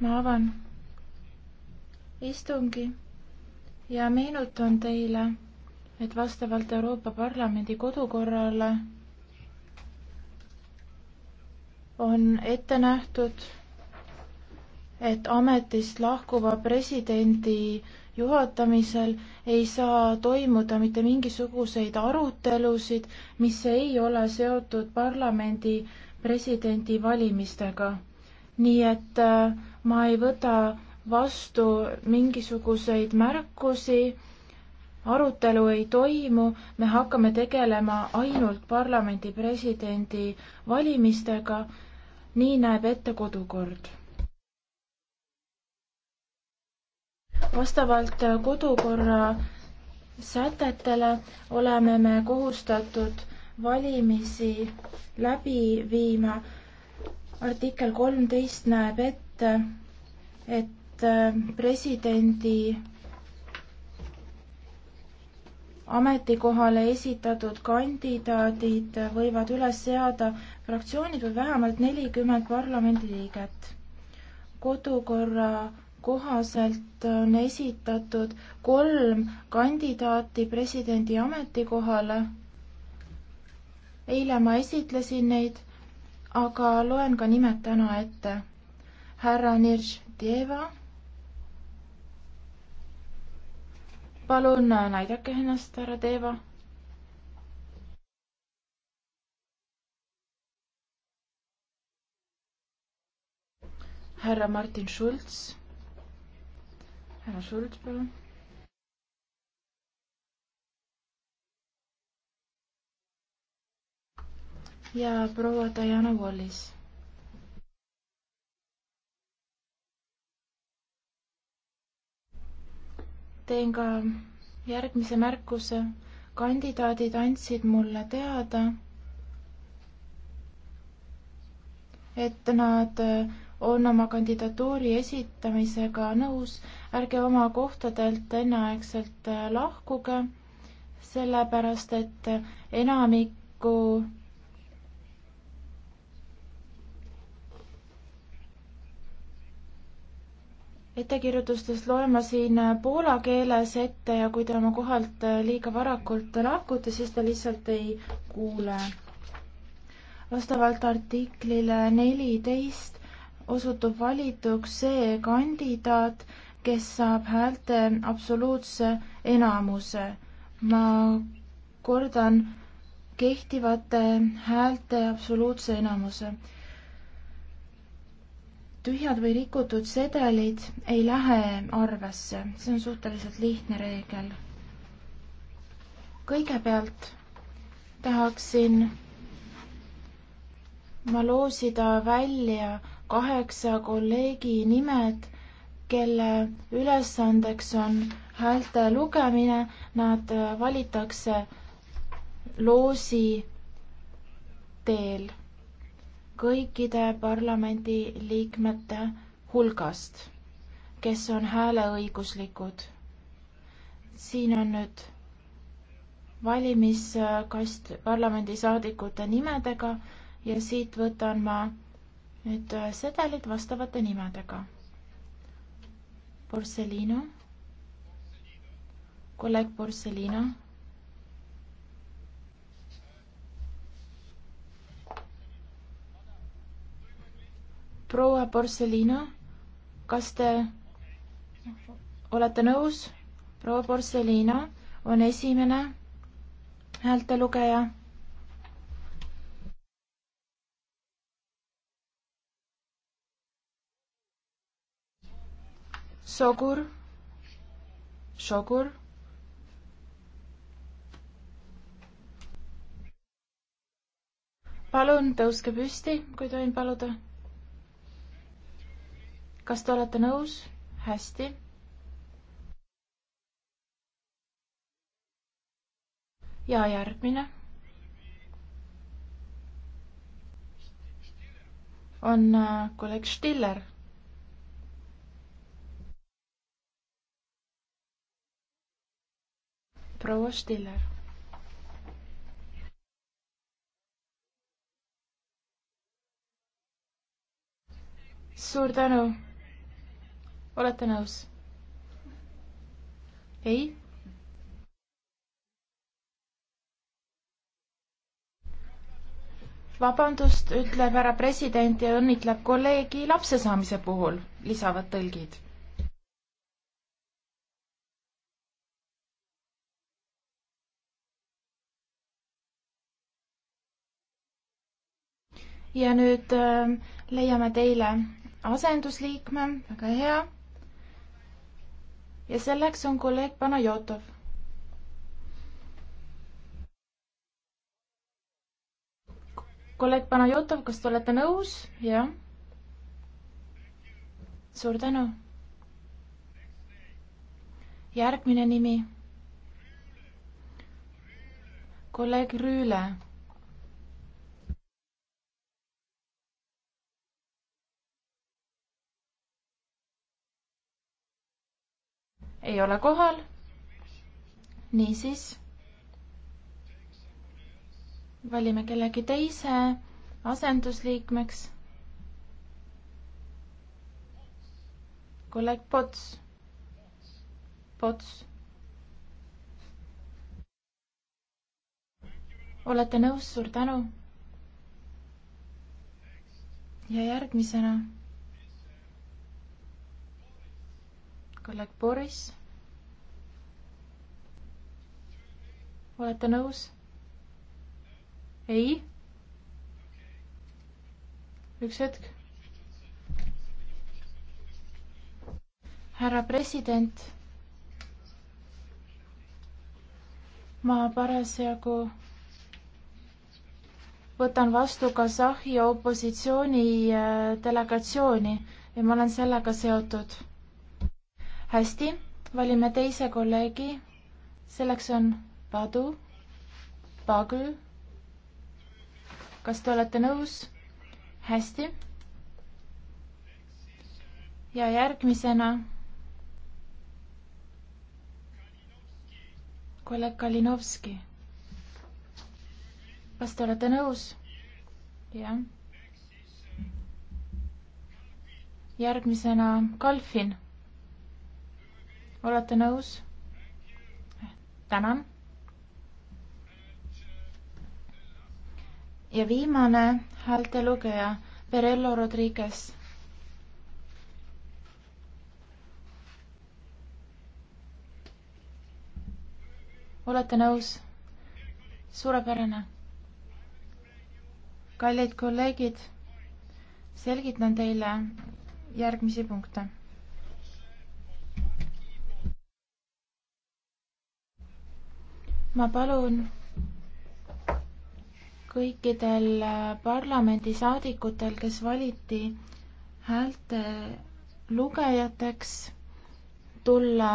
ma avan istungi ja meenutan teile, et vastavalt Euroopa Parlamendi kodukorrale on ette nähtud, et ametist lahkuva presidendi juhatamisel ei saa toimuda mitte mingisuguseid arutelusid, mis ei ole seotud parlamendi presidendi valimistega. nii et äh, ma ei võta vastu mingisuguseid märkusi, arutelu ei toimu, me hakkame tegelema ainult parlamendi presidendi valimistega, nii näeb ette kodukord. vastavalt kodukorra sätetele oleme me kohustatud valimisi läbi viima. artikkel kolmteist näeb ette, et, et presidendi ametikohale esitatud kandidaadid võivad üles seada fraktsioonid või vähemalt nelikümmend parlamendiliiget. kodukorra kohaselt on esitatud kolm kandidaati presidendi ametikohale. eile ma esitlesin neid, aga loen ka nimed täna ette härra Nirždjeva. palun äh, näidake ennast, härra Deva. härra Martin Schulz. härra Schulz, palun ja proua Diana Wallis. teen ka järgmise märkuse. kandidaadid andsid mulle teada, et nad on oma kandidatuuri esitamisega nõus, ärge oma kohtadelt enneaegselt lahkuge, sellepärast et enamiku ettekirjutustest loen ma siin poola keeles ette ja kui te oma kohalt liiga varakult lahkute, siis te lihtsalt ei kuule. vastavalt artiklile neliteist osutub valituks see kandidaat, kes saab häälte absoluutse enamuse. ma kordan kehtivate häälte absoluutse enamuse tühjad või rikutud sedelid ei lähe arvesse, see on suhteliselt lihtne reegel. kõigepealt tahaksin ma loosida välja kaheksa kolleegi nimed, kelle ülesandeks on häälte lugemine, nad valitakse loosi teel kõikide parlamendi liikmete hulgast, kes on hääleõiguslikud. siin on nüüd valimiskast parlamendisaadikute nimedega ja siit võtan ma nüüd sedelid vastavate nimedega. Porcelino, kolleeg Porcelino proua Borsellino, kas te olete nõus? proua Borsellino on esimene häältelugeja. Sogur, Šogur palun tõuske püsti, kui tohin paluda kas te olete nõus? hästi. ja järgmine on äh, kolleeg Stiller proua Stiller. suur tänu olete nõus? ei? vabandust, ütleb härra president ja õnnitleb kolleegi lapse saamise puhul, lisavad tõlgid ja nüüd äh, leiame teile asendusliikme, väga hea ja selleks on kolleeg Panajotov. kolleeg Panajotov, kas te olete nõus? jah. suur tänu. järgmine nimi. kolleeg Rüüle ei ole kohal. niisiis valime kellegi teise asendusliikmeks. kolleeg Pots. Pots. olete nõus, suur tänu. ja järgmisena kolleeg Boris. olete nõus? ei? üks hetk. härra president, ma parasjagu võtan vastu Kasahhi opositsiooni eh, delegatsiooni ja ma olen sellega seotud hästi, valime teise kolleegi, selleks on Padu, Pagl. kas te olete nõus? hästi. ja järgmisena kolleeg Kalinovski. kas te olete nõus? jah. järgmisena Kalfin olete nõus? tänan. ja viimane häältelugeja, Perello Rodriguez. olete nõus? suurepärane. kallid kolleegid, selgitan teile järgmisi punkte ma palun kõikidel äh, parlamendisaadikutel, kes valiti häälte lugejateks, tulla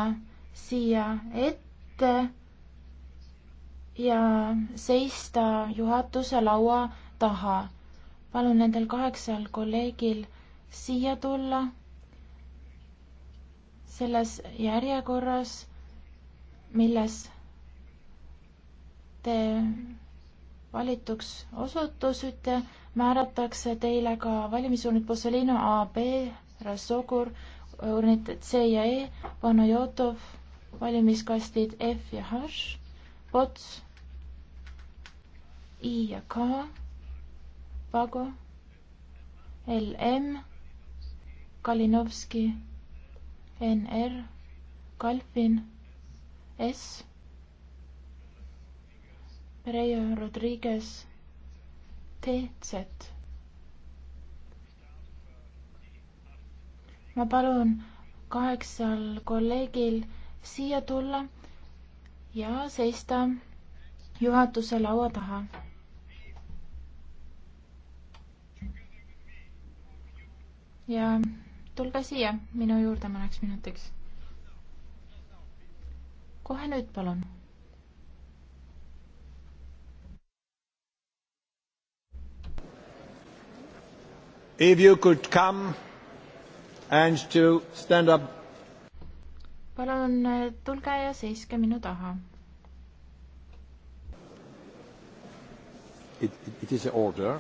siia ette ja seista juhatuse laua taha. palun nendel kaheksal kolleegil siia tulla selles järjekorras, milles te valituks osutusite, määratakse teile ka valimisurnid Bosolino AB, Rasogur, urnid C ja E, Panajotov, valimiskastid F ja H, Pots, I ja K, Pago, LM, Kalinovski, NR, Kalfin, S Rejo Rodriguez TZ. ma palun kaheksal kolleegil siia tulla ja seista juhatuse laua taha. ja tulge siia minu juurde mõneks minutiks. kohe nüüd, palun If you could come and to stand up. palun äh, tulge ja seiske minu taha. It, it, it is order.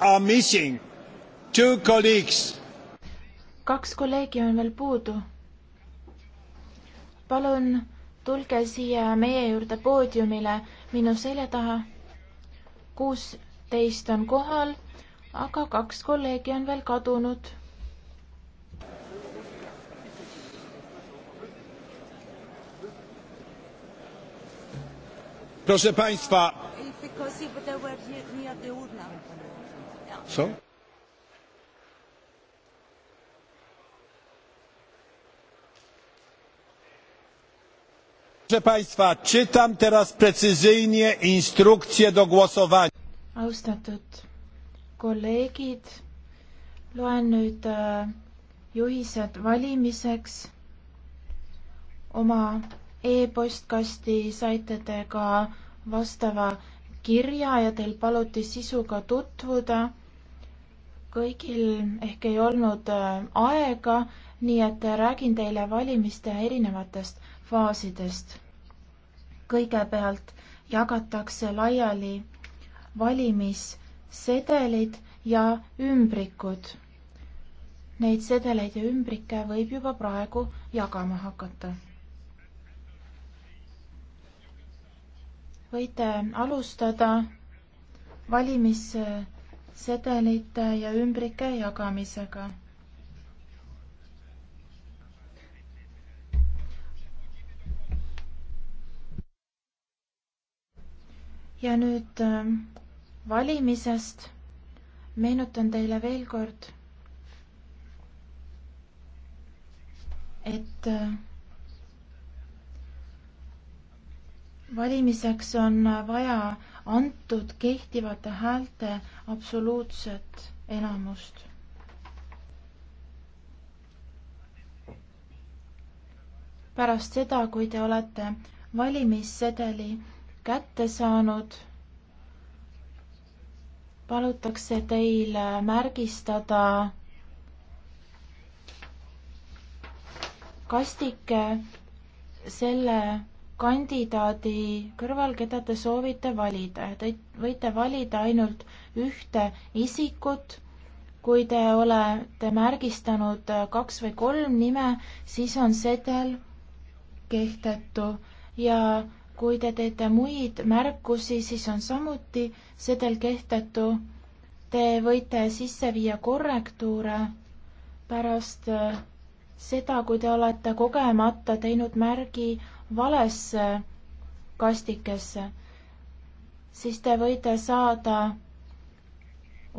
are missing. Two colleagues. kaks kolleegi on veel puudu. palun tulge siia meie juurde poodiumile minu selja taha. kuusteist on kohal, aga kaks kolleegi on veel kadunud proszę państwa So? Proszę Państwa, czytam teraz precyzyjnie instrukcję do głosowania. Austatud kolleegid, loen nüüd äh, juhised valimiseks. Oma e-postkasti saite te ka vastava kirja ja teil paluti sisuga tutvuda kõigil ehk ei olnud äh, aega, nii et räägin teile valimiste erinevatest faasidest. kõigepealt jagatakse laiali valimissedelid ja ümbrikud. Neid sedeleid ja ümbrikke võib juba praegu jagama hakata. võite alustada valimis- sedelite ja ümbrike jagamisega. ja nüüd ähm, valimisest meenutan teile veel kord, et äh, valimiseks on vaja antud kehtivate häälte absoluutset enamust. pärast seda, kui te olete valimissedeli kätte saanud, palutakse teil märgistada kastike selle kandidaadi kõrval, keda te soovite valida. Te võite valida ainult ühte isikut. kui te olete märgistanud kaks või kolm nime, siis on sedel kehtetu ja kui te teete muid märkusi, siis on samuti sedel kehtetu. Te võite sisse viia korrektuure pärast eh, seda, kui te olete kogemata teinud märgi valesse kastikesse, siis te võite saada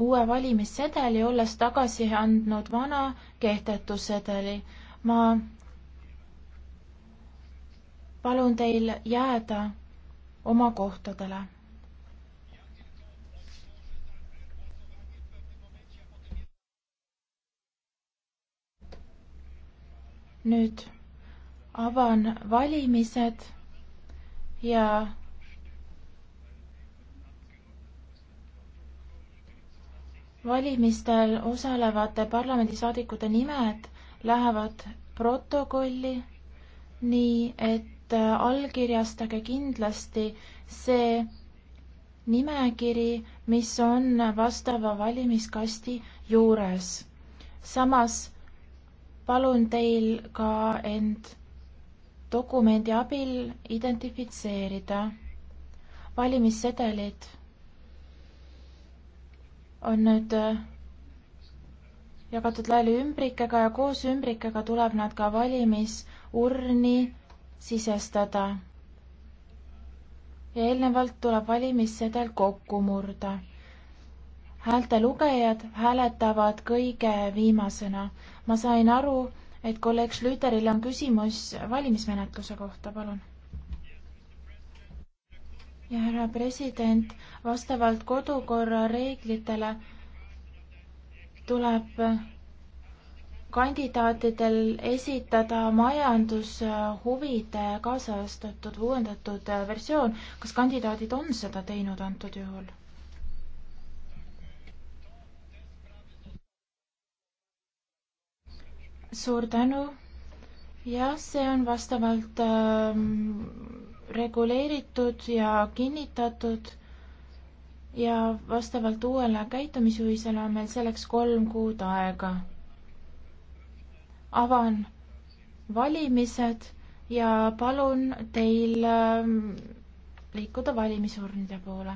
uue valimissedeli, olles tagasi andnud vana kehtetu sedeli. ma palun teil jääda oma kohtadele. nüüd avan valimised ja valimistel osalevate parlamendisaadikute nimed lähevad protokolli nii, et äh, allkirjastage kindlasti see nimekiri, mis on vastava valimiskasti juures. samas palun teil ka end dokumendi abil identifitseerida. valimissedelid on nüüd äh, jagatud laiali ümbrikega ja koos ümbrikega tuleb nad ka valimisurni sisestada. ja eelnevalt tuleb valimissedel kokku murda. häälte lugejad hääletavad kõige viimasena. ma sain aru, et kolleeg Schlüteril on küsimus valimismenetluse kohta, palun. ja härra president, vastavalt kodukorra reeglitele tuleb kandidaatidel esitada majandushuvide kaasajastatud uuendatud versioon. kas kandidaadid on seda teinud antud juhul? suur tänu. jah, see on vastavalt ähm, reguleeritud ja kinnitatud ja vastavalt uuele käitumisjuhisele on meil selleks kolm kuud aega. avan valimised ja palun teil ähm, liikuda valimisurnide poole.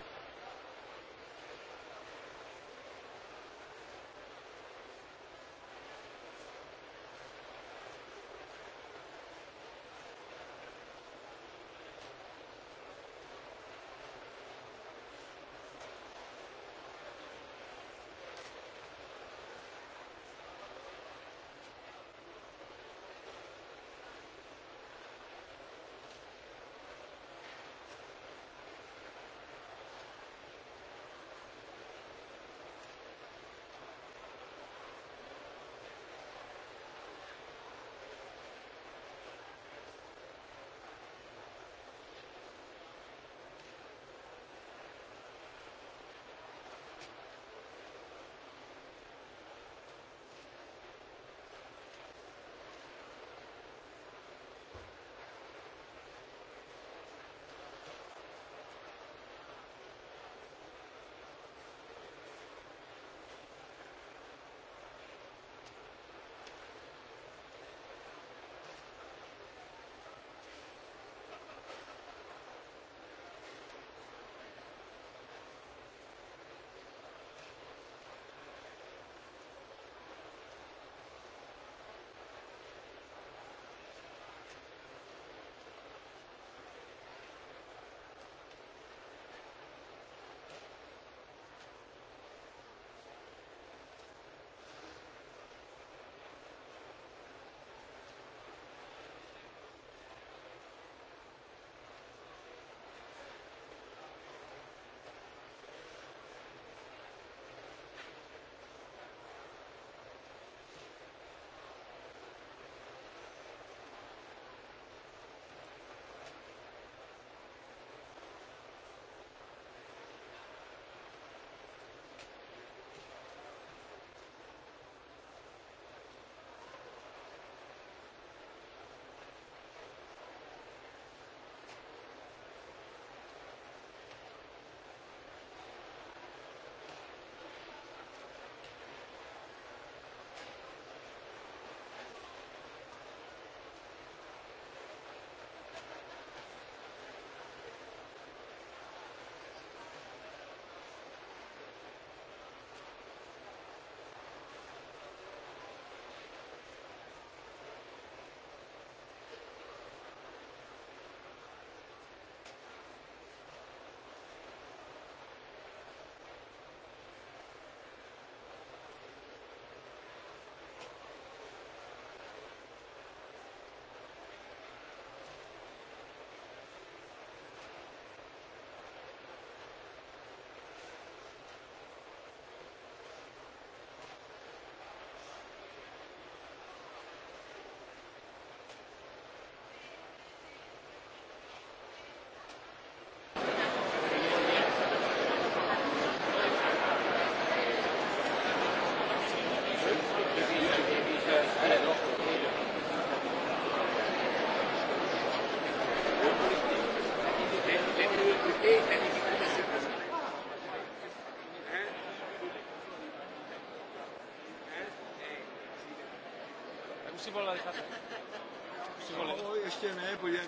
Σίγουρα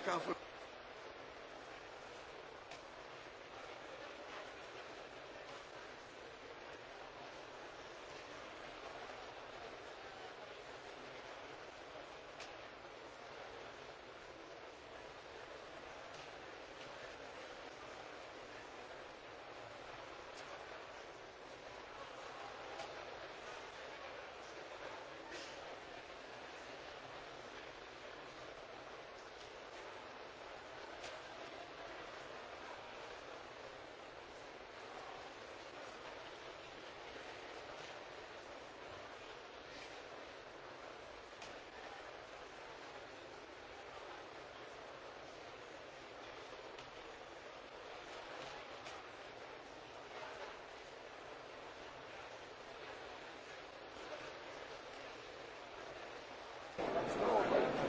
θα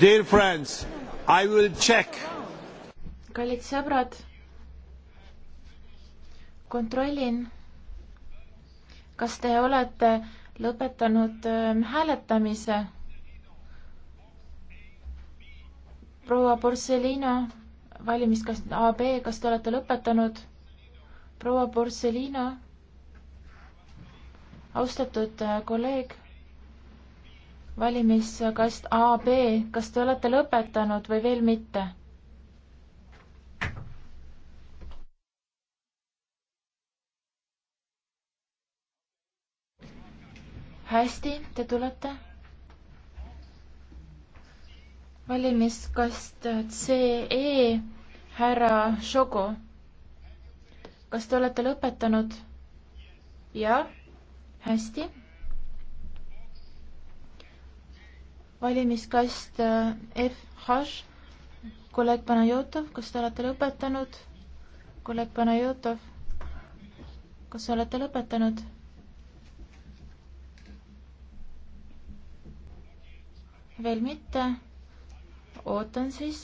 Dear friends, I will check. kallid sõbrad, kontrollin, kas te olete lõpetanud ähm, hääletamise. proua Borsellino, valimiskast AB, kas te olete lõpetanud? proua Borsellino, austatud äh, kolleeg valimiskast AB, kas te olete lõpetanud või veel mitte? hästi, te tulete. valimiskast CE, härra Šogo. kas te olete lõpetanud? jah, hästi valimiskast FH. Äh, kolleeg Panajotov, kas te olete lõpetanud? kolleeg Panajotov, kas olete lõpetanud? veel mitte. ootan siis.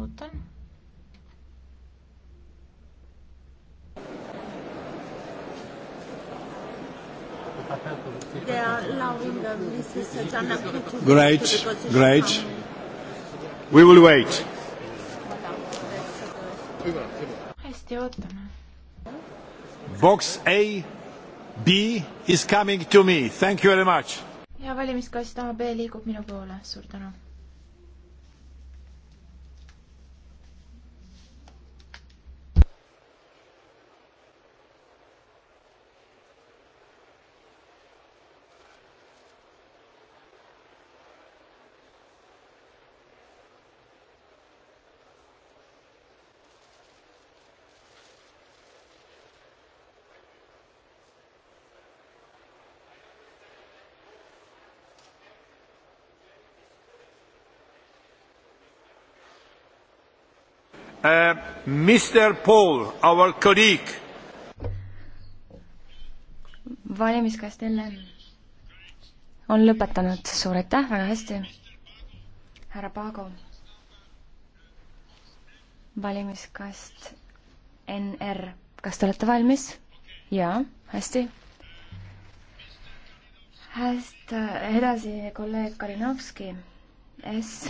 ootan They are allowing uh, Mrs. Jana to Great, great. We will wait. hästi, ootame. Box A, B is coming to me, thank you very much. ja valimiskast A, B liigub minu poole, suur tänu Uh, Mr Paul, our colleague. valimiskastelle on lõpetanud, suur aitäh, väga hästi. härra Paago. valimiskast NR, kas te olete valmis? jaa, hästi. hästi, äh, edasi kolleeg Kalinovski, S.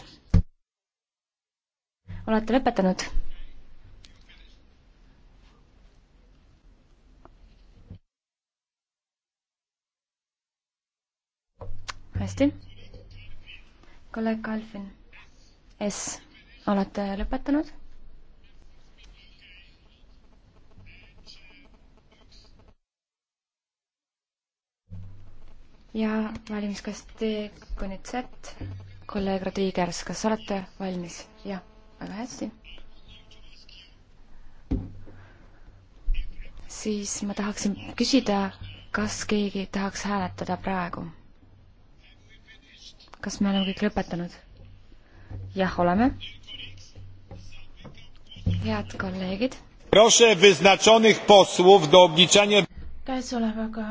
olete lõpetanud? hästi. kolleeg Kalvin S, olete lõpetanud? ja valimiskasti konnid Z, kolleeg Rodriguez, kas olete valmis? jah, väga hästi siis ma tahaksin küsida, kas keegi tahaks hääletada praegu? kas me oleme kõik lõpetanud? jah, oleme. head kolleegid. käesolevaga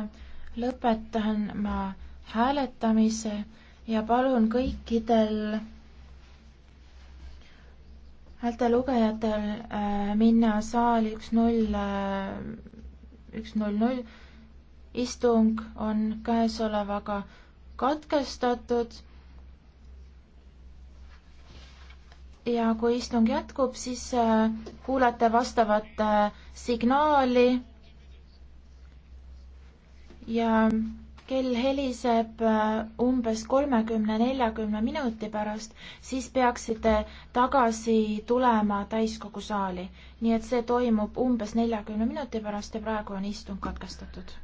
lõpetan ma hääletamise ja palun kõikidel häältelugejatel äh, minna saali üks null, äh, üks null null. istung on käesolevaga katkestatud ja kui istung jätkub, siis äh, kuulete vastavat äh, signaali. ja kell heliseb äh, umbes kolmekümne, neljakümne minuti pärast, siis peaksite tagasi tulema täiskogu saali. nii et see toimub umbes neljakümne minuti pärast ja praegu on istung katkestatud